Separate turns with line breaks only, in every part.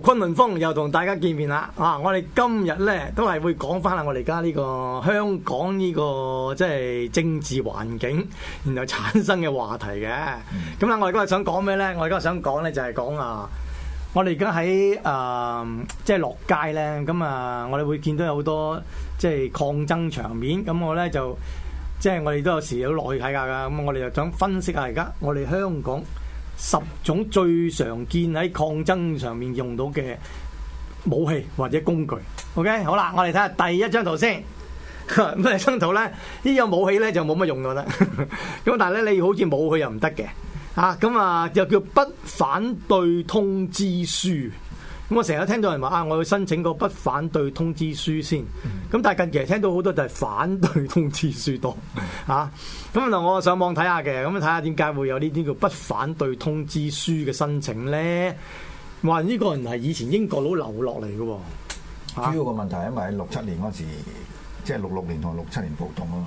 崑崙風又同大家見面啦，啊！我哋今日咧都係會講翻下我哋而家呢個香港呢、呢個即係政治環境，然後產生嘅話題嘅。咁啦、mm hmm.，我哋今日想講咩咧？我而家想講咧就係講啊，我哋而家喺誒，即係落街咧，咁啊，我哋會見到有好多即係抗爭場面。咁我咧就即係我哋都有時有落去睇下噶。咁我哋又想分析下而家我哋香港，十種最常見喺抗爭上面用到嘅武器或者工具，OK，好啦，我哋睇下第一張圖先。咁 第一張圖咧，呢樣武器咧就冇乜用嘅，咁 但係咧你好似冇佢又唔得嘅， 啊，咁啊又叫不反對通知書。咁我成日聽到人話啊，我要申請個不反對通知書先。咁但係近期聽到好多就係反對通知書多啊。咁嗱，我上網睇下嘅，咁睇下點解會有呢啲叫不反對通知書嘅申請咧？話呢個人係以前英國佬留落嚟嘅喎。啊，主要個問題，因為喺六七年嗰時，即係六六
年同六七年暴動啊嘛。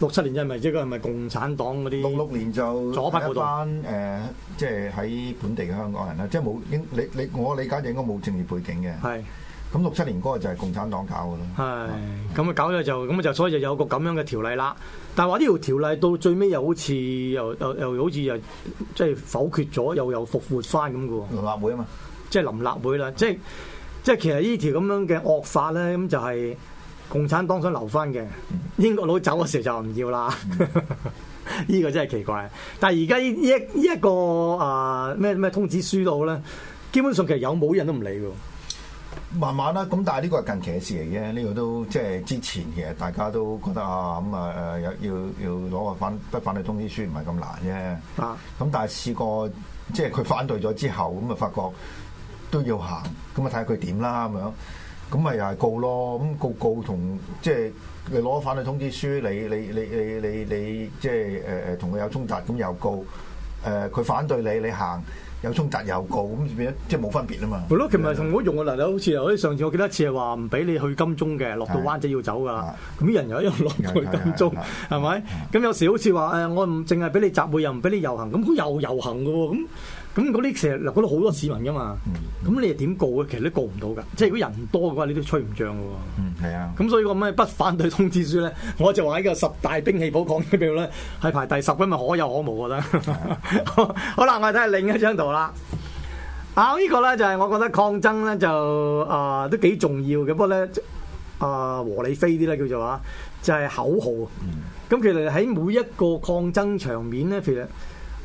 六七年因係咪即係咪共產黨嗰啲？六六年就左派嗰班誒，即
係喺本地嘅香港人啦，即係冇應你，你我理解應該冇政治背景嘅。係是。咁六七年嗰個就係共產黨搞嘅咯。
係是。咁啊、嗯、搞咗就咁啊就所以就有個咁樣嘅條例啦。但係話呢條條例到最尾又好似又又又好似又即係否決咗，又又復活翻咁嘅喎。臨立會啊嘛，即係臨立會啦、嗯，即係即係其實呢條咁樣嘅惡法咧，咁就係、是。共產黨想留翻嘅，嗯、英國佬走嘅時候就唔要啦。呢、嗯、 個真係奇怪。但係而家呢一呢一個啊咩咩通知書度咧，基本上其實有冇人都唔理嘅。
慢慢啦，咁但係呢個係近期嘅事嚟嘅。呢、呢個都即係、就是、之前其實大家都覺得啊，咁啊誒，有、呃、要要攞個反不反對通知書唔係咁難啫。咁、啊、但係試過即係佢反對咗之後，咁啊發覺都要行，咁啊睇下佢點啦咁樣。咁咪又係告咯，咁告告同即係你攞反對通知書，你你你你你你即係誒誒同佢有衝突，咁又告誒佢，呃、反對你，你行有衝突又告，咁變咗即係冇分別啊嘛。
係咯，其實唔好用啊，嗱，好似好似上次我記得一次係話唔俾你去金鐘嘅，落到灣仔要走噶啦。咁啲的人又喺度落去金鐘，係咪？咁有時好似話誒，我唔淨係俾你集會，又唔俾你遊行，咁好又遊行噶喎咁。咁嗰啲成日嗱，嗰度好多市民噶嘛，咁、嗯、你又點告嘅？其實都告唔到噶，即係如果人多嘅話，你都吹唔脹嘅喎。嗯，啊。咁所以個咩不反對通知書咧，我就話喺個十大兵器譜講起表咧，係排第十，咁咪可有可無嘅啦。 啊、 好啦，我哋睇下另一張圖啦。啊，這個、呢個咧就係、是、我覺得抗爭咧就啊、呃、都幾重要嘅，不過咧啊、呃、和理非啲咧叫做話就係口號。嗯。咁其實喺每一個抗爭場面咧，其實。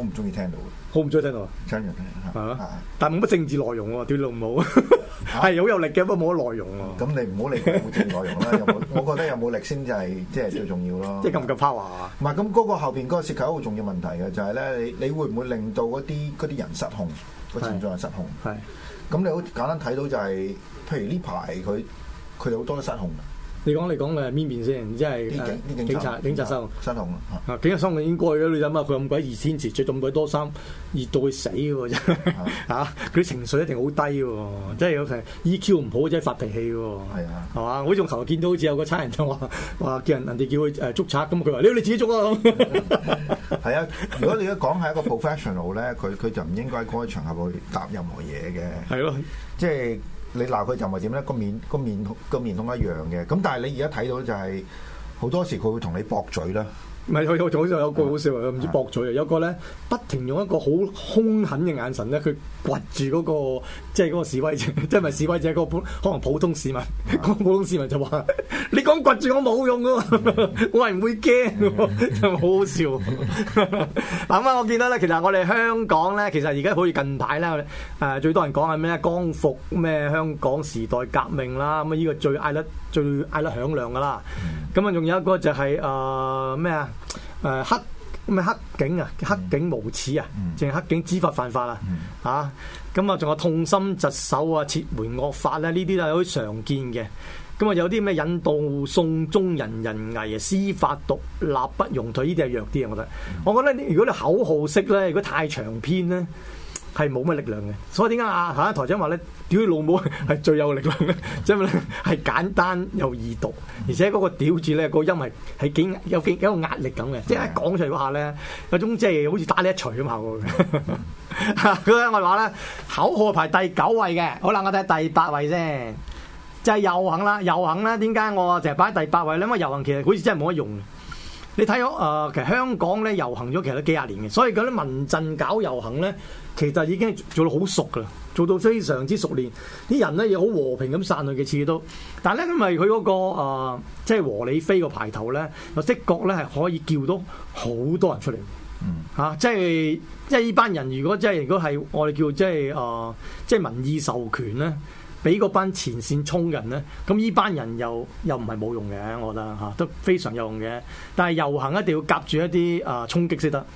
我唔中意聽到
嘅，好唔中意聽到啊！但係冇乜政治內容喎、啊，屌你老母，係、huh. 好、uh huh. 有力嘅，不過冇乜內容咁、啊、你唔好理冇政治內容
啦、啊， 我覺得有冇力先就係即係最重要咯、啊。即係咁嘅 power，唔係咁嗰個後邊嗰個涉及一個重要問題嘅、啊，就係、是、咧，你你會唔會令到嗰啲啲人失控，個情狀係失控？係、huh. 咁你好簡單睇到就係、是，譬如呢排佢佢哋好多都失控。
你講你講，誒邊邊先？即係警察警察生，生龍警察生佢應該嘅，你諗下佢咁鬼熱天時着咁鬼多衫，熱到會死嘅喎，真嚇佢、嗯啊、情緒一定好低喎，即係有時 EQ 唔好即係發脾氣嘅喎。係、嗯、啊，係嘛？我仲頭見到好似有個差人就話話叫人哋叫佢誒捉賊咁，佢話你你自己捉啊！係啊、嗯，如果你
一講係一個 professional 咧，佢佢 就唔應該喺嗰場合去答任何嘢嘅。係咯了，即係、就是。你鬧佢就唔係點咧？個面、個面、個面孔一樣嘅，咁但係你而家睇到就係、是、好多時佢會同你駁嘴啦。
唔係我我仲有句好笑嘅，唔知駁嘴啊！有一個咧不停用一個好兇狠嘅眼神咧，佢掘住嗰個即係嗰個示威者，即係咪示威者、嗰個普可能普通市民，嗰個、普通市民就話：你講掘住我冇用嘅， 我係唔會驚嘅，好好笑。嗱咁啊，我見到咧，其實我哋香港咧，其實而家好似近排咧，誒最多人講係咩光復咩香港時代革命啦，咁啊呢個最嗌得最嗌得響亮嘅啦。咁啊，仲有一個就係誒咩啊？呃誒、呃，黑咩黑警啊，黑警無恥啊，淨係、嗯、黑警知法犯法啦，吓咁啊，仲、嗯啊、有痛心疾首啊，撤回惡法咧、啊，呢啲都係好常見嘅。咁啊，有啲咩引導送中人人危啊，司法獨立不容退，呢啲係弱啲啊，我覺得。嗯、我覺得如果你口號式咧，如果太長篇咧。係冇乜力量嘅，所以點解啊嚇台長話咧，屌你老母係最有力量嘅。即係咩咧？係簡單又易讀，而且嗰個屌字咧，個音係係幾有幾有幾幾個壓力咁嘅，即係一講出嗰下咧，嗰種即係好似打你一錘咁嚇我嘅。咁我話咧，口號排第九位嘅。好啦，我睇下第八位先，即係遊行啦，遊行啦，點解我成日擺喺第八位咧？因為遊行其實好似真係冇乜用。你睇咗誒，其實香港咧遊行咗其實都幾廿年嘅，所以嗰啲民陣搞遊行咧，其實已經做到好熟噶喇，做到非常之熟練。啲人咧又好和平咁散去，次次都。但係咧，因為佢嗰、那個、呃、即係和李飛個牌頭咧，又的確咧係可以叫到好多人出嚟。嗯，嚇，即係即係呢班人如，如果即係如果係我哋叫即係誒，即係、呃、民意授權咧。俾嗰班前線衝人咧，咁呢班人又又唔係冇用嘅，我覺得吓都非常有用嘅。但係遊行一定要夾住一啲啊、呃、衝擊先得，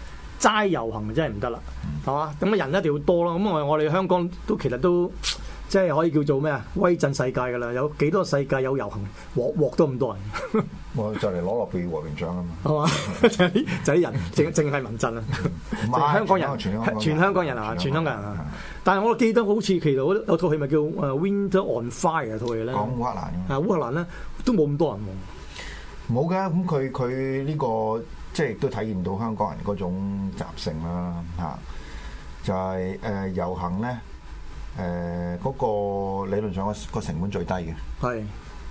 齋遊行真係唔得啦，係嘛、嗯？咁啊、嗯、人一定要多囉。咁我我哋香港都其實都即係可以叫做咩啊威震世界噶啦，有幾多世界有遊行獲獲到咁多人？
我就嚟攞諾貝和平獎啊
嘛，係嘛、嗯？就係就係人，淨淨係民陣啊，香港人，全香港人係全香港人啊！但係我記得好似其實有套戲咪叫《Winter on Fire》啊，套戲咧，講烏克蘭啊，烏克蘭咧都冇咁多人望，
冇嘅，咁佢佢呢個即係
都體現到香港人嗰種習
性啦，嚇就係、是、誒、呃、遊行咧，誒、呃、嗰、那個
理論上個成本最低嘅，係是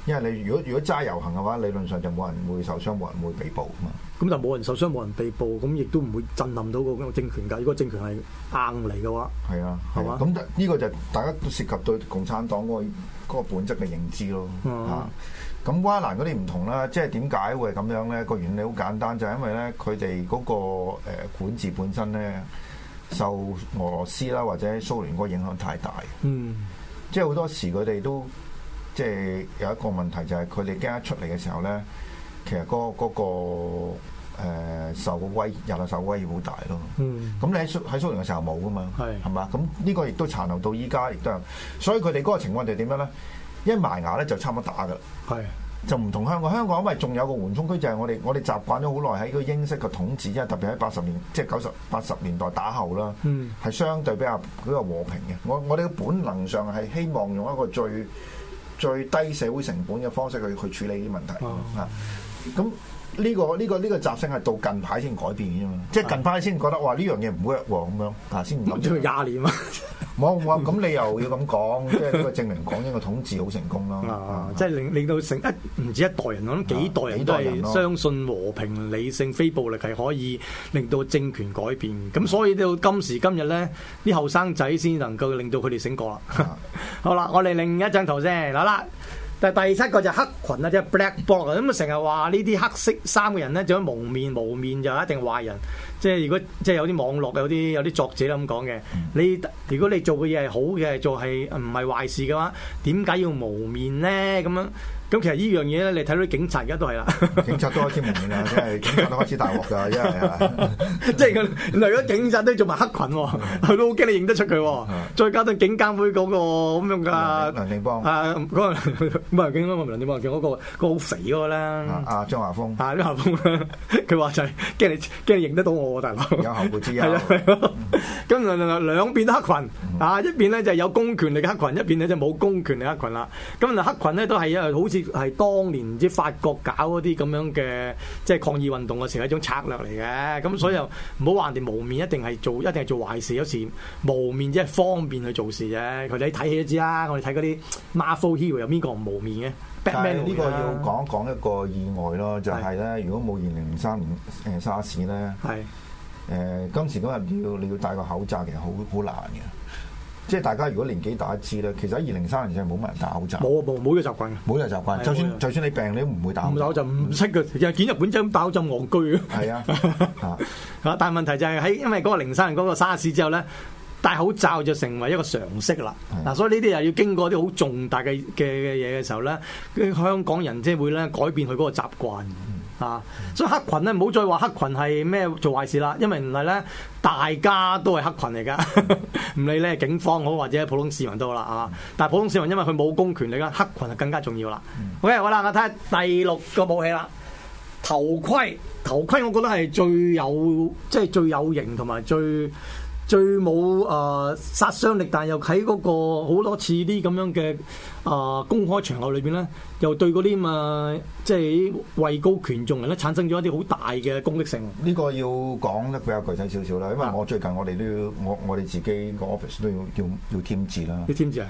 因為你如果如果揸遊行嘅話，理論上就冇人會受傷，冇人會被捕啊嘛。
咁就冇人受傷，冇人被捕，咁亦都唔會震撼到個咁嘅政權㗎。如果政權係硬嚟嘅話，係
啊，係啊。咁
呢吧個就大家都涉及到
共產黨嗰個本質嘅認知咯。嚇、嗯，咁烏、啊、蘭嗰啲唔同啦，即係點解會係咁樣咧？個原理好簡單，就係、是、因為咧，佢哋嗰個、呃、管治本身咧，受俄羅斯啦或者蘇聯嗰個影響太大。嗯，即係好多時佢哋都即係有一個問題，就係佢哋驚一出嚟嘅時候咧。其實、嗰個嗰、嗰個、呃、受個威，人嘅受威要好大咯。咁、嗯、你喺喺蘇，蘇聯嘅時候冇噶嘛？係是，係嘛？咁呢個亦都殘留到依家，亦都係。所以佢哋嗰個情況就係點樣咧？一埋牙咧就差唔多打噶啦。係是，就唔同香港。香港因為仲有個緩衝區就，就係我哋我哋習慣咗好耐喺個英式嘅統治，即係特別喺八十年即係九十八十年代打後啦，係、嗯、相對比較比較和平嘅。我我哋嘅本能上係希望用一個最最低社會成本嘅方式去去處理啲問題啊。嗯咁呢、這個呢、這個呢、這個習性係到近排先改變嘅嘛，即係近排先覺得哇呢樣嘢唔 work 喎咁樣，啊先諗住廿年啊，冇冇咁你又要咁講，哇啊、即係證明港英嘅統治好成功咯，即係
令令到成一唔止一代人，可能幾代人都係相信和平理性非暴力係可以令到政權改變，咁所以到今時今日咧，啲後生仔先能夠令到佢哋醒覺、啊、 啦。好啦，我哋另一張圖先，好啦。但係第七個就黑裙啦，即係 black 袍啊，咁啊成日話呢啲黑色衫嘅人咧，著咗蒙面，蒙面就一定壞人。即係如果即係有啲網絡有啲有啲作者咁講嘅，你如果你做嘅嘢係好嘅，做係唔係壞事嘅話，點解要蒙面咧？咁樣。咁其實呢樣嘢咧，你睇到警察而家都係啦，警察都開始
蒙面啦，即係警察都開
始大鑊㗎，因為即係佢，嚟咗警察都做埋黑群喎，係咯，好驚你認得出佢。再加對警監會嗰個咁樣噶梁定邦啊，嗰個唔係警監會唔係梁定邦，仲有個好肥嗰個啦，阿張華峰。啊，張華峰。佢話就係驚你驚你認得到我㗎，大佬。有後顧之憂。咁兩兩邊黑群，啊，一邊呢就係有公權力嘅黑群，一邊呢就冇公權力嘅黑群啦。咁黑群呢都係啊，好似～係當年啲法國搞嗰啲咁樣嘅，即係抗議運動嘅時候係一種策略嚟嘅。咁所以又唔好話人哋無面一定係做一定係做壞事，有時無面即係方便去做事啫。佢哋睇戲都知啦，我哋睇嗰啲 Marvel hero 有邊個唔無面嘅？Batman 呢個要講
講、啊、一,一個意外咯，就係、是、咧，是的 如果冇二零零三年誒沙士咧，今時今日你要你要戴個口罩其實好好難嘅。即係大家如果年紀大一啲咧，其實喺二
零三年就係冇乜人戴口罩。冇冇冇呢個習慣嘅。冇呢個習慣，的就算就算你病你都唔會戴。口罩。就唔識嘅，又、嗯、見日本仔咁戴口罩憨居。係的 啊，嚇！但係問題就係喺因為嗰個零三年嗰個沙士之後咧，戴口罩就成為一個常識啦。嗱的，所以呢啲又要經過啲好重大嘅嘅嘅嘢嘅時候咧，香港人即係會咧改變佢嗰個習慣。嗯啊！所以黑群咧，唔好再話黑群係咩做壞事啦，因為唔係咧，大家都係黑群嚟噶，唔理咧警方好，或者普通市民都好啦啊！但係普通市民因為佢冇公權力㗎，黑群就更加重要啦。嗯、OK，好啦，我睇下第六個武器啦，頭盔。頭盔我覺得係最有，即係最有型同埋最。最冇誒、呃、殺傷力，但係又喺嗰個好多次啲咁樣嘅誒、呃、公開場合裏邊咧，又對嗰啲嘛即係位高權重人咧產生咗一啲好大嘅攻擊性。
呢個要講得比較具體少少啦，因為我最近我哋都要我我哋自己個 office 都要要要添置啦。要添置啊？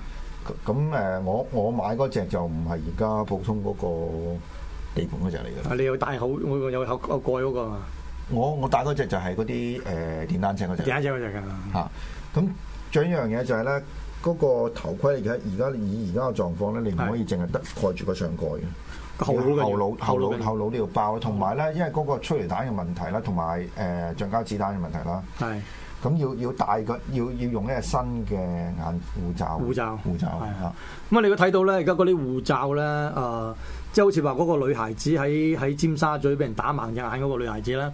咁誒、呃，我我買嗰隻就唔係而家普通嗰個地盤嗰隻嚟嘅。啊，你要戴口、嗰個？我有有蓋嗰個啊？我我戴嗰隻就係嗰啲誒電單車嗰隻。電單車嗰隻㗎。嚇！咁仲有一樣嘢就係咧，嗰個頭盔嚟嘅。而家以而家嘅狀況咧，你唔可以淨係得蓋住個上蓋嘅。後腦嘅。後腦後腦後腦要包，同埋咧，因為嗰個催淚彈嘅問題啦，同埋誒橡膠子彈嘅問題啦。
係。
咁要要戴個要要用一個新嘅眼護罩。
護罩。護罩係啊。咁啊，你會睇到咧，而家嗰啲護罩咧啊～即係好似話嗰個女孩子喺喺尖沙咀俾人打盲隻眼嗰個女孩子啦，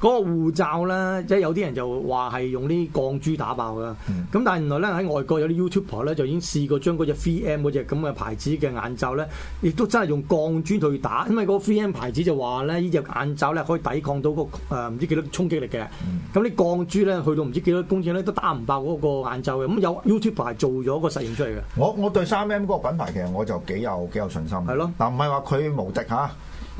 嗰個護罩咧，即係有啲人就話係用啲鋼珠打爆噶。咁、嗯、但係原來咧喺外國有啲 YouTuber 咧就已經試過將嗰隻 3M 嗰隻咁嘅牌子嘅眼罩咧，亦都真係用鋼珠去打，因為個 3M 牌子就話咧呢隻眼罩咧可以抵抗到、嗰個誒唔、呃、知幾多衝擊力嘅。咁啲、嗯、鋼珠咧去到唔知幾多公尺咧都打唔爆嗰個眼罩嘅。咁有 YouTuber 係做咗個實驗出嚟嘅。我我
對 3M 嗰個品牌其實我就幾有幾有信心。係咯，嗱唔係話。佢無敵嚇！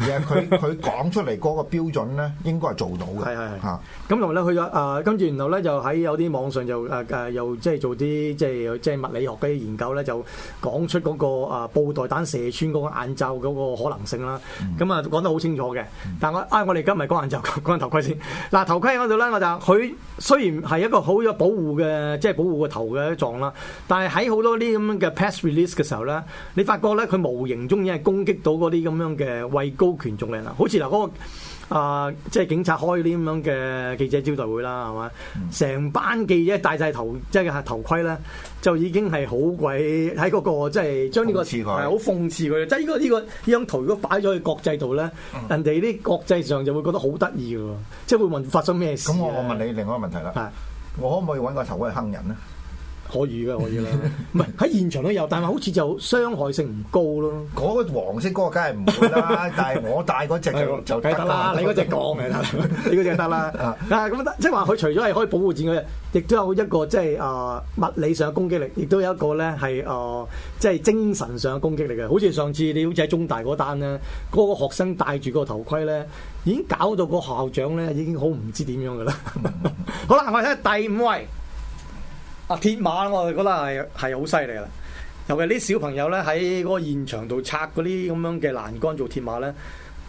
佢佢講出嚟嗰個標準咧，應該係做到
嘅。係係係。嚇咁同埋咧，佢啊，跟住、 啊、然後咧，就喺有啲網上就誒誒、啊，又即係做啲即係即係物理學嘅研究咧，就講出嗰、那個、啊、布袋彈射穿嗰個眼罩嗰個可能性啦。咁啊講得好清楚嘅。但我啊、哎，我哋而家唔係講眼罩，講眼頭盔先。嗱、啊、頭盔嗰度咧，我就佢雖然係一個好有保護嘅，即、就、係、是、保護個頭嘅一撞啦，但係喺好多啲咁樣嘅 press release 嘅時候咧，你發覺咧佢無形中已經係攻擊到嗰啲咁樣嘅為高權重人啦，好似嗱嗰個啊、呃，即係警察開啲咁樣嘅記者招待會啦，係嘛？成、嗯、班記者戴晒頭，即係頭盔咧，就已經係好鬼喺嗰、那個，即係將呢個係好諷刺佢。即係呢、這個呢、這個呢張圖，如果擺咗去國際度咧，嗯、人哋啲國際上就會覺得好得意嘅喎，即係會問發生咩事。咁我我問你另外一個問題啦，是的 我可唔可以揾個頭盔坑人咧？可以噶，可以啦。唔係喺現場都有，但係好似就傷害性唔高咯。嗰個黃色嗰個梗係唔會啦，但係我戴
嗰隻就就得啦。 了你嗰隻講咪得，
你嗰隻得啦。啊，啊，咁即係話佢除咗係可以保護自己，亦都有一個即係啊物理上嘅攻擊力，亦都有一個咧係啊即係精神上嘅攻擊力嘅。好似上次你好似喺中大嗰單咧，嗰、嗰個學生戴住嗰個頭盔咧，已經搞到個校長咧已經 好唔知點樣噶啦。好啦，我睇第五位。啊！鐵馬我覺得係係好犀利啦，尤其啲小朋友咧喺嗰個現場度拆嗰啲咁樣嘅欄杆做鐵馬咧，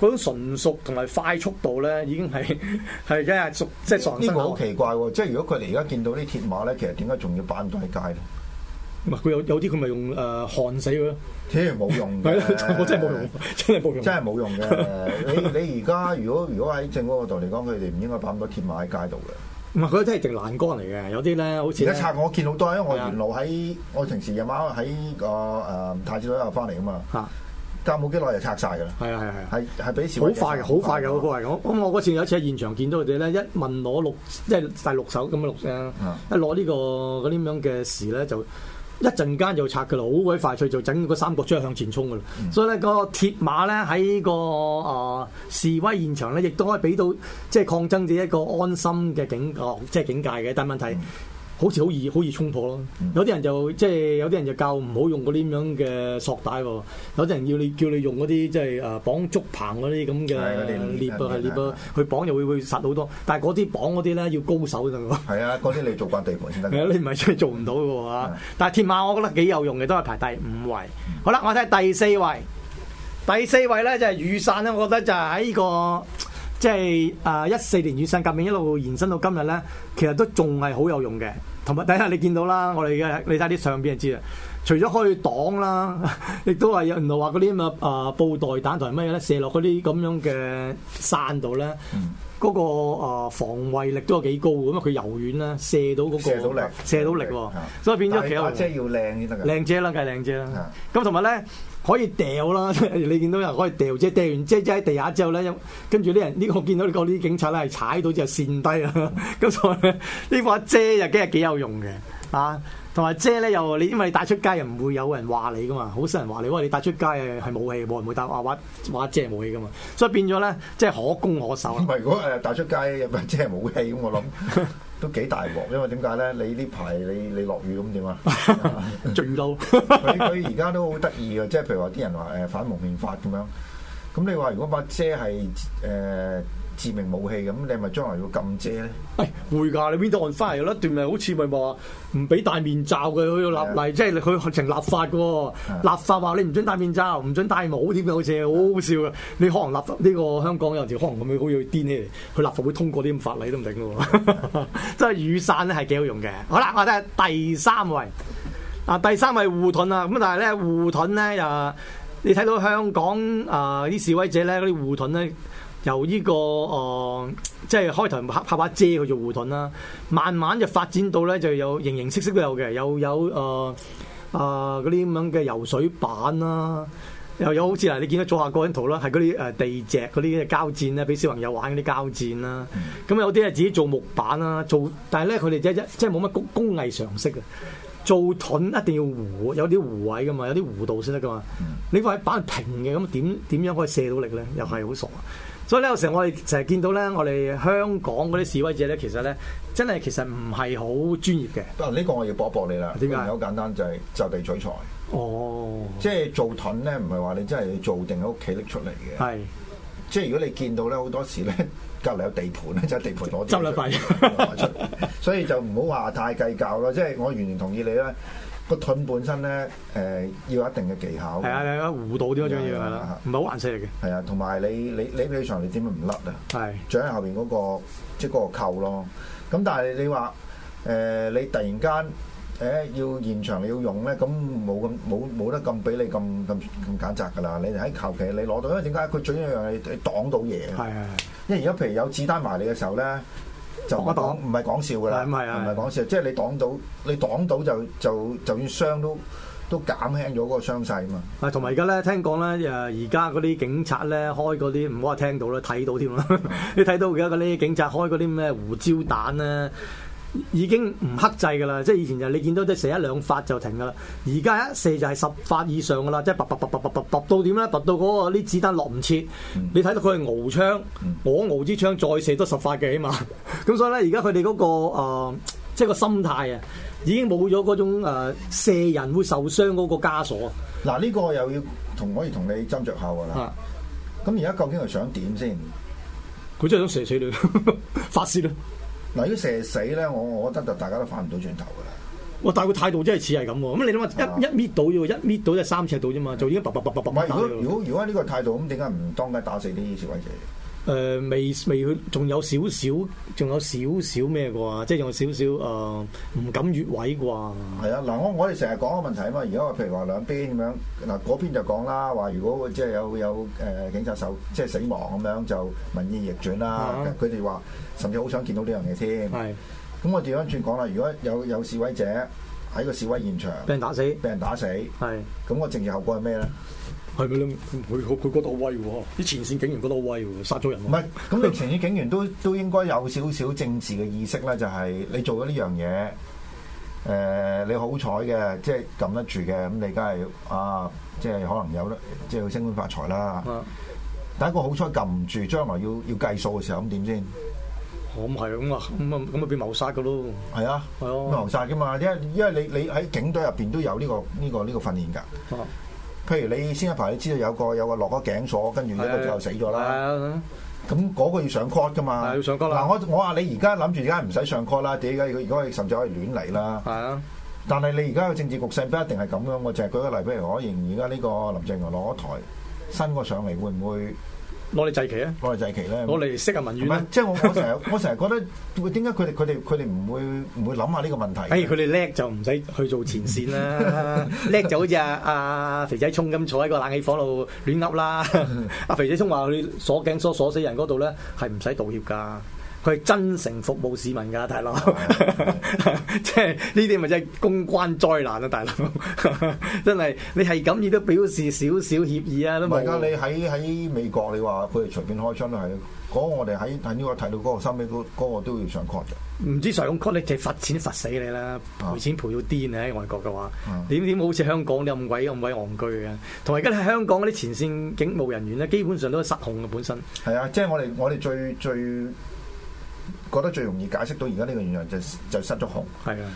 嗰種純熟同埋快速度咧，已經係係一日熟即係呢個好奇怪喎！即係如果佢哋而家見到啲鐵馬咧，其實點解仲要擺唔到喺街度？唔佢有有啲佢咪用誒焊死佢咯。屌冇用嘅，我真係冇用，呃、用 真係冇用，真係冇用
嘅。你你而家如果如果喺政府嗰度嚟講，佢哋唔應該擺咁多鐵馬喺街度嘅。
唔係佢都係直欄杆嚟嘅，有啲咧好似而家拆，
我見好多，因為我沿路喺、啊、我平時夜晚喺個誒太子堆度翻嚟啊嘛嚇，隔冇幾耐就拆晒㗎啦，係啊係啊係啊，係係、啊啊、畀錢好快嘅好快嘅好快嘅，我
咁我嗰次有一次喺現場見到佢哋咧，一問攞六即係帶六手咁嘅綠色，啊、一攞、這個、呢個嗰啲咁樣嘅事咧就。一陣間就拆㗎啦，好鬼快脆就整個三角出嚟向前衝㗎啦。嗯、所以咧，個鐵馬咧喺、個誒、呃、示威現場咧，亦都可以俾到即係抗爭者一個安心嘅警覺，即係警戒嘅。但係問好似好易好易衝破咯，嗯、有啲人就即係、就是、有啲人就教唔好用嗰啲咁樣嘅索帶喎、啊，有啲人要你叫你用嗰啲即係誒綁竹棚嗰啲咁嘅獵啊獵啊，去的綁又會會實好多，但係嗰啲綁嗰啲咧要高手㗎喎。係啊，嗰啲你做慣地盤先得。係啊，你唔係真係做唔到嘅喎。但係鐵馬我覺得幾有用嘅，都係排第五位。嗯、好啦，我睇下第四位，第四位咧就係、是、雨傘咧，我覺得就喺呢、這個。即係啊！一四年雨傘革命一路延伸到今日咧，其實都仲係好有用嘅。同埋，等下你見到啦，我哋嘅你睇啲相片就知啦。除咗可以擋啦，亦都係有人來話嗰啲咁嘅啊布袋彈同埋咩嘢咧，射落嗰啲咁樣嘅傘度咧，嗰、嗯、個防衞力都有幾高。咁啊，佢柔軟啦，射到嗰、那個射到力，射到力喎。力啊、所以變咗其實啊，即係要靚先得㗎。靚姐啦，梗係靚姐啦。咁同埋咧。啊可以掉啦，你見到人可以掉，即係掉完遮，即喺地下之後咧，跟住啲人呢、呢個見到呢、呢個啲警察咧係踩到之後跣低啦。咁、嗯、 所以呢個遮又梗係幾有用嘅，啊，同埋遮咧又你因為你帶出街又唔會有人話你噶嘛，好少人話你，喂，你帶出街係係武器喎，唔會帶話話話遮係武器噶嘛，所以變咗咧即係可攻可守。唔係
如果誒帶出街有咩遮係武器咁，我諗。 都幾大鑊，因為點解咧？你呢排你你落雨咁點啊？著雨褸。佢佢而家都好得意嘅，即係譬如話啲人話誒、呃、反蒙面法咁樣。咁你話如果把遮係
誒？呃致命武器咁，你咪將來要禁遮咧？喂、哎，會㗎！你邊度？我返嚟有一段咪好似咪話唔俾戴面罩嘅佢要立例。Yeah. 即係佢成立法嘅。立法話你唔准戴面罩，唔准戴帽點嘅好似，好好笑嘅。你可能立法呢、呢個香港有陣時可能咁樣好要癲起嚟，佢立法會通過啲咁法例都唔定嘅喎。即 係雨傘咧係幾好用嘅。好啦，我睇下第三位啊，第三位護盾啊，咁但係咧護盾咧又、呃、你睇到香港啊啲、呃、示威者咧嗰啲護盾咧。由呢、這個誒、呃，即係開頭拍嚇把遮去做護盾啦，慢慢就發展到咧，就有形形色色都有嘅、呃呃，又有誒誒嗰啲咁樣嘅游水板啦，又有好似嗱，你見到左下角嗰個圖啦，係嗰啲誒地蓆嗰啲膠墊咧，俾小朋友玩嗰啲膠墊啦。咁、嗯、有啲係自己做木板啦，做但係咧佢哋即係即係冇乜工工藝常識嘅，做盾一定要弧，有啲弧位噶嘛，有啲弧度先得噶嘛。你個喺板平嘅，咁點點樣可以卸到力咧？又係好傻。所以咧，有時我哋成日見到咧，我哋香港嗰啲示威者咧，其實咧，真係其實唔係好專業嘅。
不過，呢個我要駁一駁你啦。點解？好簡單，就係就地取材。哦即，即係做盾咧，唔係話你真係做定喺屋企拎出嚟嘅。係。
是
即係如果你見到咧，好多時咧，隔離有地盤咧，就地盤攞執
兩塊， 所
以就唔好話太計較咯。 即係我完全同意你啦。個盾本身咧，誒，要有一定嘅技巧。
係啊，護到呢個樣嘢啦，唔係好難識嘅。係啊，同埋你你
你呢場你點解唔甩啊？係，最喺後邊嗰個即係嗰個扣咯。咁但係你話，誒，你突然間，誒，要現場你要用咧，咁冇咁冇冇得咁俾你咁咁咁揀擇噶啦。你喺求其你攞到，因為點解佢最一樣係你擋到嘢。係係係。因為而家譬如有子彈埋你嘅時候咧。就唔講，唔係講笑㗎啦，唔係啊，唔係講笑，即係你擋到，你擋到就就，就算傷都都減輕咗嗰個傷勢啊嘛。
啊，同埋而家咧，聽講咧，誒，而家嗰啲警察咧，開嗰啲唔好話聽到啦，睇到添啦， 你睇到而家嗰啲警察開嗰啲咩胡椒彈咧。已經唔克制噶啦，即係以前就你見到都射一兩發就停噶啦，而家一射就係十發以上噶啦，即係拔拔拔拔拔拔到點咧？拔到嗰個啲子彈落唔切，嗯、你睇到佢係熬槍，嗯、我熬支槍再射多十發嘅啊嘛，咁 所以咧而家佢哋嗰個誒、呃，即係個心態啊，已經冇咗嗰種誒、呃、射人會受傷嗰個枷鎖。
嗱呢、啊這個又要同可以同你斟酌下噶啦，咁而家究竟係想點
先？佢真係想射死你，發泄啦！
嗱，如果射死咧，我我覺得就大家都翻唔到轉頭噶啦。
哇！但係個態度真係似係咁喎。咁你諗下，一一搣到啫一搣到就三尺到啫嘛，就已經啵啵啵啵啵如果
如果呢個態度，咁點解唔當街打死啲示威
者？誒、呃，未未，仲有少少，仲有少少咩啩？即係有少少誒，唔敢越位啩。
係啊，嗱，我我哋成日講個問題啊嘛。而家譬如話兩邊咁樣，嗱，嗰邊就講啦，話如果即係有有誒警察手，即係死亡咁樣，就民意逆轉啦。佢哋話。甚至好想見到呢樣嘢添。係的，咁我調翻轉講啦，如果有有示威者喺個示威現場，被人
打死，被人打死，係的，咁個正義後果係咩咧？係佢佢佢覺得好威喎！啲前線警員覺得好威
喎，殺咗人了。唔係，咁你前線警員都都應該有少少政治嘅意識啦，就係、是、你做咗呢樣嘢，誒、呃、你好彩嘅，即係撳得住嘅，咁你梗係啊，即係可能有咧，即係升官發財啦。嗯的。第一個好彩撳唔住，將來要要計數嘅時候，咁點先？
我唔係咁啊，咁啊咁啊，俾謀殺噶咯。
係啊，謀殺噶嘛，因因為你你喺警隊入邊都有呢、這個呢、這個呢、這個訓練噶。啊、譬如你先一排你知道有個有個落咗頸鎖，跟住咧之後死咗啦。係咁嗰個要上 court 噶嘛、啊？要上嗱、啊，我我話你而家諗住而家唔使上 court 啦，點解？佢而家甚至可以亂嚟啦。係啊，但係你而家嘅政治局勢不一定係咁樣。我就係舉個例，譬如我而家呢個林鄭攞台新個上嚟，會唔會？
攞嚟祭旗咧，攞嚟祭旗咧，攞嚟識下文員。即係
我我成日我成日覺得，點解佢哋佢哋佢哋唔會唔會諗下呢個問題？哎，佢
哋叻就唔使去做前線啦，叻 就好似阿阿肥仔聰咁坐喺個冷氣房度亂噏啦。阿、 啊、肥仔聰話佢鎖頸鎖鎖死人嗰度咧，係唔使道歉㗎。佢係真誠服務市民㗎，大佬，即係呢啲咪真係公關災難啊，大佬， 真係你係咁亦都表示少少歉意啊！而家你喺
喺美國你，你話佢哋隨便開槍都係，嗰、嗰個、我哋喺喺呢個睇到嗰、嗰個三尾嗰、嗰個嗰個都要上 court
唔知上 court 你就罰錢罰死你啦，賠錢賠到癲啊！喺外國嘅話，點點好似香港咁鬼咁鬼戇居嘅。同而家喺香港嗰啲前線警務人員咧，基本上都失控嘅本身。
係啊，即係我哋我哋最最。最覺得最容易解釋到而家呢個原因就就失咗控，係啊，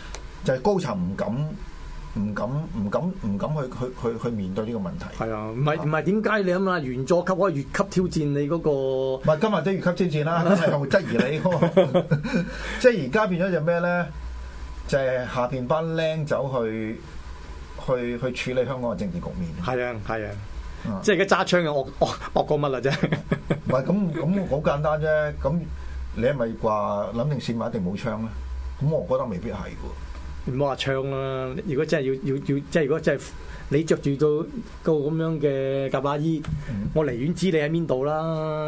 就係高層唔敢唔敢唔敢唔敢去去
去去面對呢個問題，係啊，唔係唔係點解你諗下，原作級我越級挑戰你嗰個，唔係今日即係越級挑戰啦，係咪質疑你？即係而家變咗就咩
咧？就係下邊班僆走去去去處理香港嘅政治局
面，係啊係啊，即係而家揸槍嘅惡惡惡過乜啦啫？唔係
咁咁好簡單啫，咁。你係咪話諗定線嘛一定冇槍咧？咁我覺得未必係喎。
唔好話槍啦，如果真係要要要，即係如果真係你着住到個咁樣嘅夾百衣，嗯、我離遠知你喺邊度啦。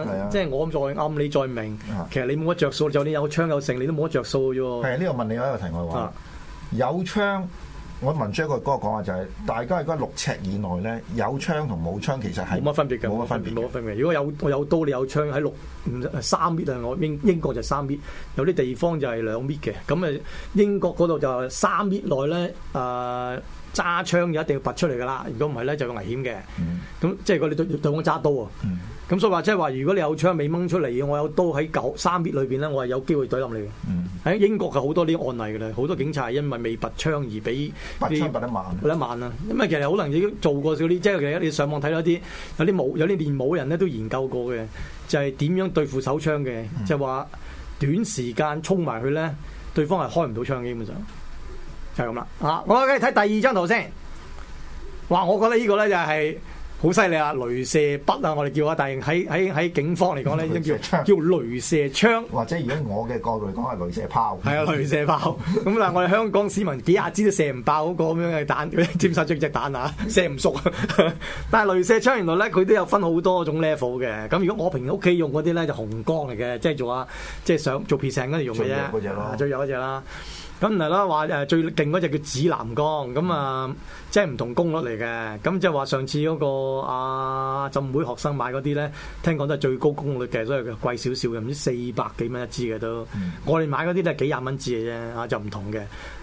啊、即係我再暗，你再明，其實你冇乜着數。就你有槍有剩，你都冇乜着數嘅喎。係呢個
問你喺度題外話，啊、有槍。我文章嗰個講話就係，大家喺嗰六
尺以內咧，有槍同冇槍其實係冇乜分別嘅，冇乜分別嘅。如果有我有刀，你有槍喺六五三呎啊！我英英國就三呎，有啲地方就係兩呎嘅。咁啊，英國嗰度就三呎內咧，誒、呃、揸槍就一定要拔出嚟噶啦。如果唔係咧，就有危險嘅。咁、嗯、即係如果你對對我揸刀啊。嗯咁所以話即係話，如果你有槍未掹出嚟嘅，我有刀喺九三撇裏邊咧，我係有機會對冧你嘅。喺、嗯、英國嘅好多啲案例嘅咧，好多警察因為未拔槍而俾拔槍拔得慢啊。咁啊，其實可能已經做過少啲，即係其實你上網睇到啲有啲武有啲練武人咧都研究過嘅，就係、是、點樣對付手槍嘅，嗯、就話短時間衝埋去咧，對方係開唔到槍，基本上就係咁啦。啊、嗯，我嚟睇第二張圖先。哇，我覺得呢個咧就係、是、～好犀利啊！雷射筆啊，我哋叫啊，但係喺喺喺警方嚟講咧，已經叫
叫雷射槍，或者如果我嘅角度嚟講係雷射炮。係啊，雷射炮。
咁但我哋香港市民幾廿支都射唔爆嗰個咁樣嘅彈，佢沾曬著隻彈啊，射唔熟。但係雷射槍原來咧佢都有分好多種 level 嘅。咁如果我平時屋企用嗰啲咧就紅光嚟嘅，即係做啊，即係想做 presentation 用嘅啫，最弱嗰隻咯，最弱嗰隻啦。咁唔係啦，話誒 最勁嗰隻叫紫藍光，咁啊即係唔同功率嚟嘅。咁即係話上次嗰、嗰個啊浸會學生買嗰啲咧，聽講都係最高功率嘅，所以佢貴少少嘅，唔知四百幾蚊一支嘅都。嗯、我哋買嗰啲咧幾廿蚊一支嘅啫，啊就唔同嘅。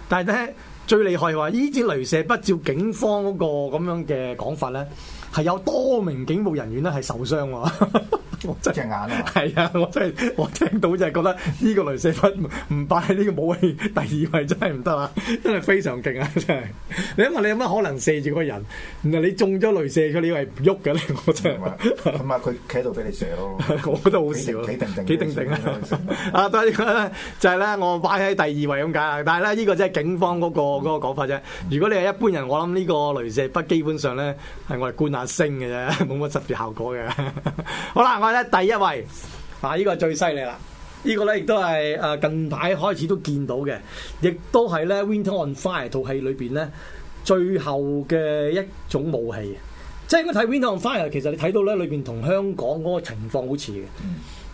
但係咧最厲害話，呢支雷射不照警方嗰個咁樣嘅講法咧，係有多名警務人員咧係受傷喎。 我真隻眼啊！係啊，我真係我，我聽到就係覺得呢個雷射筆唔擺喺呢個武器第二位真係唔得啦，因為非常勁啊！真係、啊，你問你有乜可能射住個人，然後你中咗雷射佢，你以為喐嘅咧？我真係咁 啊！佢企喺度俾你射咯，我覺得好笑啦，幾定定啦！啊，都係呢個咧，就係咧，我擺喺第二位咁解啊。但係咧，呢、這個真係警方嗰、那個嗰、那個講法啫。如果你係一般人，我諗呢個雷射筆基本上咧係我係觀下星嘅啫，冇乜特別效果嘅。 好啦，第一位啊，呢個最犀利啦！呢個咧亦都係誒近排開始都見到嘅，亦都係咧《Winter on Fire》套戲裏邊咧最後嘅一種武器。即係應該睇《Winter on Fire》，其實你睇到咧裏邊同香港嗰個情況好似嘅。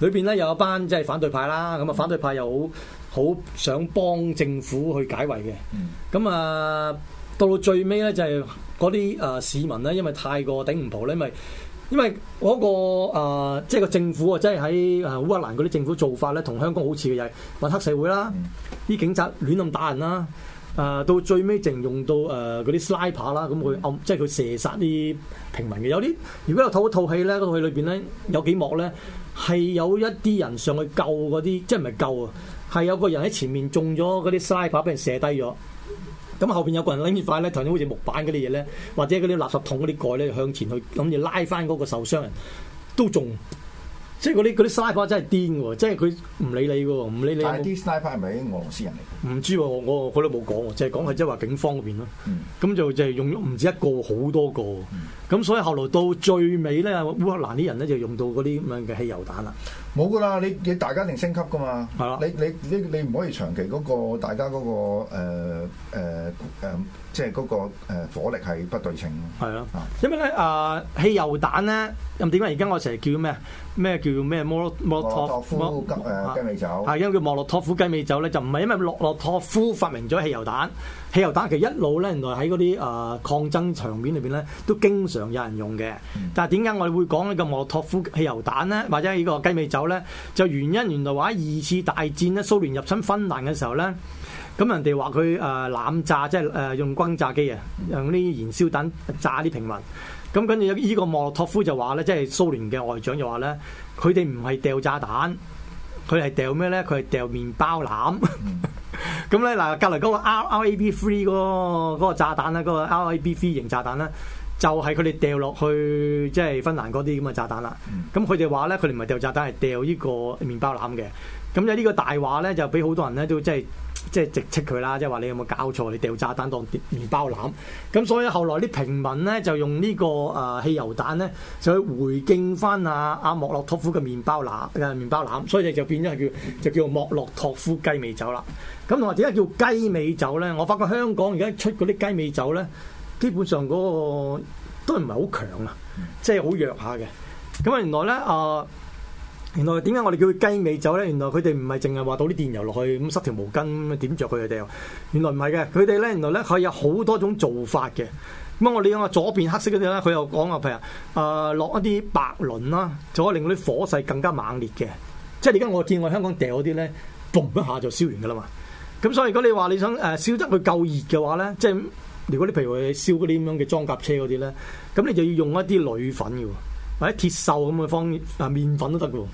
裏邊咧有一班即係反對派啦，咁啊反對派又好好想幫政府去解圍嘅。咁啊到到最尾咧就係嗰啲誒市民咧，因為太過頂唔浦咧，因為。因為嗰、那個、呃、即係個政府啊，即係喺誒烏克蘭嗰啲政府做法咧，同香港好似嘅，就係、是、揾黑社會啦，啲、嗯、警察亂咁打人啦，誒、呃、到最尾淨用到誒嗰、呃、啲 sniper 啦，咁佢暗即係佢射殺啲平民嘅。有啲如果有套套戲咧，套戲裏邊咧有幾幕咧係有一啲人上去救嗰啲，即係唔係救啊？係有個人喺前面中咗嗰啲 sniper，俾人射低咗。咁後邊有個人拎塊咧，頭先好似木板嗰啲嘢咧，或者嗰啲垃圾桶嗰啲蓋咧，向前去諗住拉翻嗰個受傷人，都仲即係嗰啲啲沙包真係癲喎，即係佢唔理你嘅喎，唔理你。你有有，但係啲沙包係咪俄羅斯人嚟？唔知喎，我我佢都冇講喎，就係講佢，即係話警方嗰邊咯。咁就、嗯、就用咗唔止一個，好多個。咁、嗯、所以後來到最尾咧，烏克蘭啲人咧就用到嗰啲咁樣嘅汽油彈啦。冇噶啦，你你大家定升級噶嘛？
係啊的，你你你你唔可以長期嗰個大家嗰個誒誒誒。呃呃呃即係嗰個火力係不對稱咯，
係咯，因為咧誒汽油彈咧，咁點解而家我成日叫咩啊？咩叫咩莫洛托夫雞誒雞尾酒？係因為叫莫洛托夫雞尾酒咧，就唔係因為莫洛托夫發明咗汽油彈。汽油彈其實一路咧，原來喺嗰啲誒抗爭場面裏邊咧，都經常有人用嘅。但係點解我哋會講呢個莫洛托夫汽油彈咧，或者呢個雞尾酒咧？就原因原來話二次大戰咧，蘇聯入侵芬蘭嘅時候咧。咁人哋話佢誒濫炸，即係誒、呃、用轟炸機啊，用啲燃燒彈炸啲平民。咁跟住有依個莫洛托夫就話咧，即係蘇聯嘅外長就話咧，佢哋唔係掉炸彈，佢係掉咩咧？佢係掉麵包籃。咁咧嗱，隔籬嗰個 R R A B three 嗰個炸彈咧，嗰、嗰個 R A B three 型炸彈咧，就係佢哋掉落去即係芬蘭嗰啲咁嘅炸彈啦。咁佢哋話咧，佢哋唔係掉炸彈，係掉呢個麵包籃嘅。咁有呢個大話咧，就俾好多人咧都即係。即係直斥佢啦，即係話你有冇搞錯？你掉炸彈當麵包籃，咁所以後來啲平民咧就用呢個誒汽油彈咧，就去回敬翻阿阿莫洛托夫嘅麵包籃嘅、呃、麵包籃，所以就就變咗係叫就叫莫洛托夫雞尾酒啦。咁同埋點解叫雞尾酒咧？我發覺香港而家出嗰啲雞尾酒咧，基本上嗰個都唔係好強啊，即係好弱下嘅。咁啊，原來咧啊～、呃原來點解我哋叫佢雞尾酒咧？原來佢哋唔係淨係話倒啲電油落去咁塞條毛巾咁點著佢哋掉。原來唔係嘅，佢哋咧原來咧可以有好多種做法嘅。咁我你睇下左邊黑色嗰啲咧，佢又講話，譬如啊落、呃、一啲白磷啦，就可以令嗰啲火勢更加猛烈嘅。即係而家我見我香港掉嗰啲咧，嘣一下就燒完噶啦嘛。咁所以如果你話你想誒燒得佢夠熱嘅話咧，即係如果你譬如佢燒嗰啲咁樣嘅裝甲車嗰啲咧，咁你就要用一啲鋁粉嘅或者鐵鏽咁嘅方啊、呃、麵粉都得嘅喎。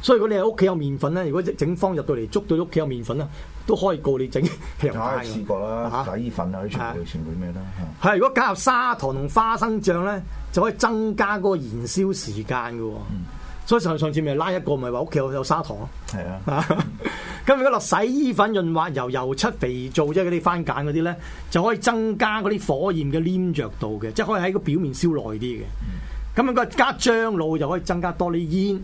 所以如果你喺屋企有麵粉咧，如果整方入到嚟，捉到屋企有麵粉啦，都可以告你整平街嘅。梗係試過啦，洗衣粉啊，啲全部、啊、全部咩啦。係如果加入砂糖同花生醬咧，就可以增加嗰個燃燒時間嘅、哦。嗯、所以上上次咪拉一個，咪話屋企有砂糖。係啊。咁、啊嗯啊、如果落洗衣粉、潤滑油、油漆、肥皂，即係嗰啲番鹼嗰啲咧，就可以增加嗰啲火焰嘅黏着度嘅，即係可以喺個表面燒耐啲嘅。咁樣個加樟腦就可以增加多啲煙。嗯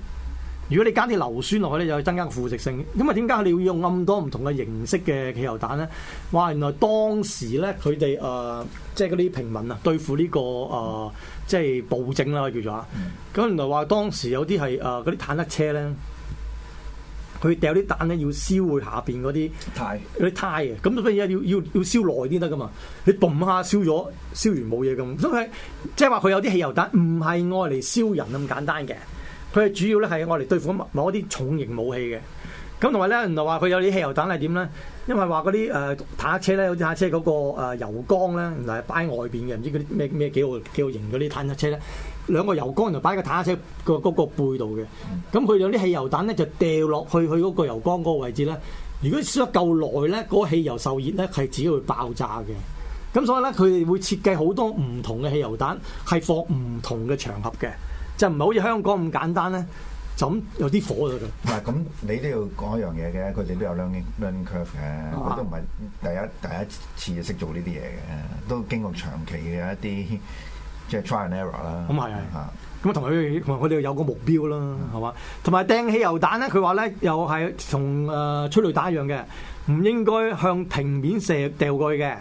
如果你加啲硫酸落去咧，就會增加腐蝕性。因為，點解你要用咁多唔同嘅形式嘅汽油彈咧？哇！原來當時咧，佢哋誒即係嗰啲平民啊，對付呢、呢個誒即係暴政啦、啊，叫做啊。咁原來話當時有啲係誒嗰啲坦克車咧，佢掉啲彈咧要燒佢下邊嗰啲胎，嗰啲胎嘅。咁所以要要要燒耐啲得噶嘛？你嘣下燒咗，燒完冇嘢咁。所以佢，即係話佢有啲汽油彈唔係愛嚟燒人咁簡單嘅。佢哋主要咧係我嚟對付某一啲重型武器嘅，咁同埋咧，原來話佢有啲汽油彈係點咧？因為話嗰啲誒坦克車咧，好似坦克車嗰個油缸咧，原來擺喺外邊嘅，唔知嗰啲咩咩幾號幾號型嗰啲坦克車咧，兩個油缸就擺喺個坦克車個嗰、嗰個背度嘅，咁佢有啲汽油彈咧就掉落去佢嗰個油缸嗰個位置咧。如果燒得夠耐咧，嗰、嗰個、汽油受熱咧係自己會爆炸嘅。咁所以咧，佢哋會設計好多唔同嘅汽油彈係放唔同嘅場合嘅。就唔係好似香港咁簡單咧，就咁、是、有啲火咗嘅。
唔係咁，你 都樂要講一樣嘢嘅，佢哋都有 learning learning curve 嘅，uh, 都唔係第一第一次識做呢啲嘢嘅，都經過長期嘅一啲即係 try and error 啦。咁係啊，
咁啊同佢同我哋有個目標啦，係嘛？同埋掟汽油彈咧，佢話咧又係同誒催淚彈一樣嘅，唔應該向平面射掉過去嘅。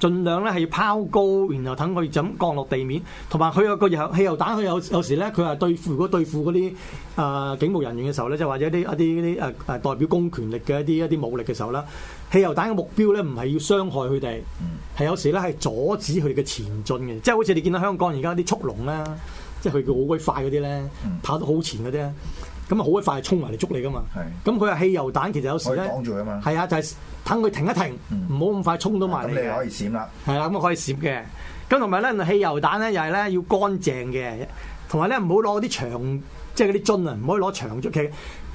儘量咧係要拋高，然後等佢咁降落地面。同埋佢有個油汽油彈，佢有有時咧，佢係對付如果對付嗰啲誒警務人員嘅時候咧，即係或者啲一啲啲誒誒代表公權力嘅一啲一啲武力嘅時候啦，汽油彈嘅目標咧唔係要傷害佢哋，係、嗯、有時咧係阻止佢哋嘅前進嘅，即係好似你見到香港而家啲速龍咧，即係佢叫好鬼快嗰啲咧，嗯、跑得好前嗰啲咧。咁好快衝埋嚟捉你噶嘛？咁佢係汽油彈，其實有時咧，係啊，就係等佢停一停，唔好咁快衝到埋。嚟、嗯嗯嗯。你可以閃啦。係啦、啊，咁可以閃嘅。咁同埋咧，汽油彈咧又係咧要乾淨嘅，同埋咧唔好攞啲長，即係嗰啲樽啊，唔可以攞長樽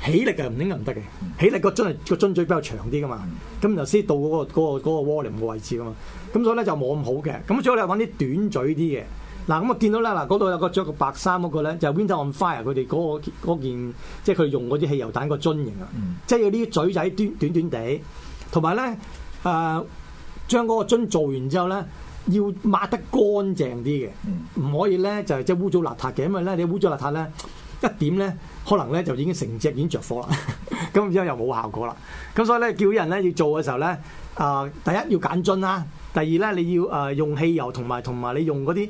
起力啊，唔應該唔得嘅。起力個樽個樽嘴比較長啲噶嘛，咁就先到嗰、那個嗰、那個嗰、那個鍋嚟、那個位置啊嘛。咁所以咧就冇咁好嘅。咁最好你揾啲短嘴啲嘅。嗱，咁啊見到啦，嗱，嗰度有個着個白衫嗰個咧，就係、Winter on Fire 佢哋嗰件，即係佢用嗰啲汽油彈個樽型嘅，即係啲嘴仔短短短地，同埋咧誒，將嗰個樽做完之後咧，要抹得乾淨啲嘅，唔可以咧就係即係污糟邋遢嘅，因為咧你污糟邋遢咧一點咧，可能咧就已經成隻已經着火啦，咁然之後又冇效果啦，咁所以咧叫啲人咧要做嘅時候咧，誒、呃，第一要揀樽啦，第二咧你要誒用汽油同埋同埋你用嗰啲。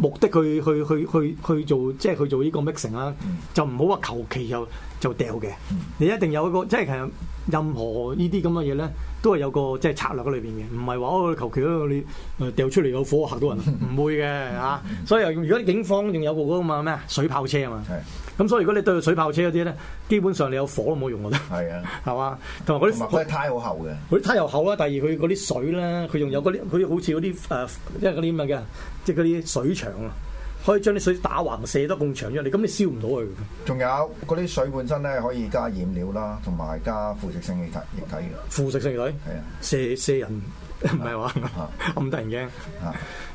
目的去去去去去做即係去做呢個 mixing 啦，就唔好話求其又就掉嘅。你一定有個即係其實任何呢啲咁嘅嘢咧，都係有個即係策略喺裏邊嘅，唔係話我求其一你掉出嚟有火嚇到人，唔會嘅嚇。所以如果啲警方仲有個嗰個嘛咩水炮車啊嘛，咁所以如果你對水炮車嗰啲咧，基本上你有火都冇用嘅。係啊，係嘛？同埋嗰啲嗰啲胎好厚嘅，嗰啲胎又厚啦。第二佢嗰啲水咧，佢仲有嗰啲佢好似嗰啲誒即係嗰啲乜嘅，即係嗰啲水牆。可以將啲水打橫射得咁長嘅，你咁你燒唔到佢。
仲有嗰啲水本身咧，可以加染料啦，同埋加腐蝕性液體。
腐蝕性液體？係啊，射射人唔係話咁突然驚。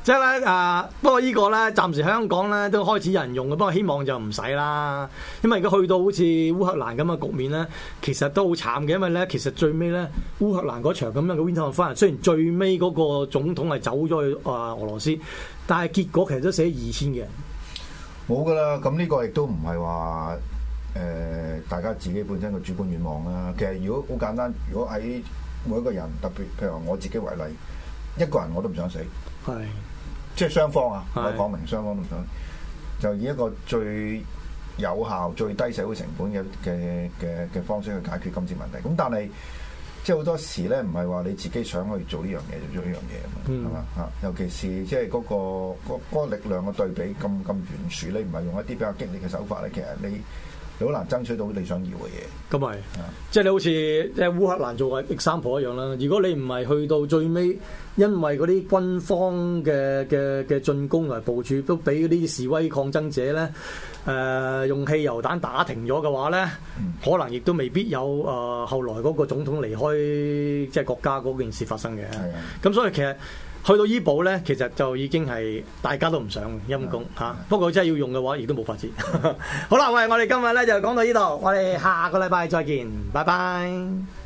即係咧，啊，不過依個咧，暫時香港咧都開始有人用嘅，不過希望就唔使啦。因為而家去到好似烏克蘭咁嘅局面咧，其實都好慘嘅。因為咧，其實最尾咧，烏克蘭嗰場咁樣嘅 winter fun，雖然最尾嗰個總統係走咗去啊俄羅斯。但係結果其實都死二千嘅，
冇噶啦。咁呢個亦都唔係話誒，大家自己本身嘅主觀願望啦、啊。其實如果好簡單，如果喺每一個人，特別譬如話我自己為例，一個人我都唔想死，係是即係雙方啊，是我講明雙方都唔想，就以一個最有效、最低社會成本嘅嘅嘅嘅方式去解決今次問題。咁但係。即係好多時咧，唔係話你自己想去做呢樣嘢就做呢樣嘢啊嘛，係嘛啊？嗯、尤其是即係嗰個嗰嗰個力量嘅對比咁咁懸殊，你唔係用一啲比較激烈嘅手法咧，其實你。你好難爭取到你想要嘅嘢，
咁咪是，嗯、即係你好似喺烏克蘭做嘅 example 一樣啦。如果你唔係去到最尾，因為嗰啲軍方嘅嘅嘅進攻同埋部署，都俾嗰啲示威抗爭者咧，誒、呃、用汽油彈打停咗嘅話咧，嗯、可能亦都未必有誒、呃、後來嗰個總統離開即係、就是、國家嗰件事發生嘅。咁是、啊、所以其實。去到醫保咧，其實就已經係大家都唔想嘅陰公嚇。不過真係要用嘅話，亦都冇法子。 好啦，喂，我哋今日咧就講到呢度，我哋下個禮拜再見，拜拜。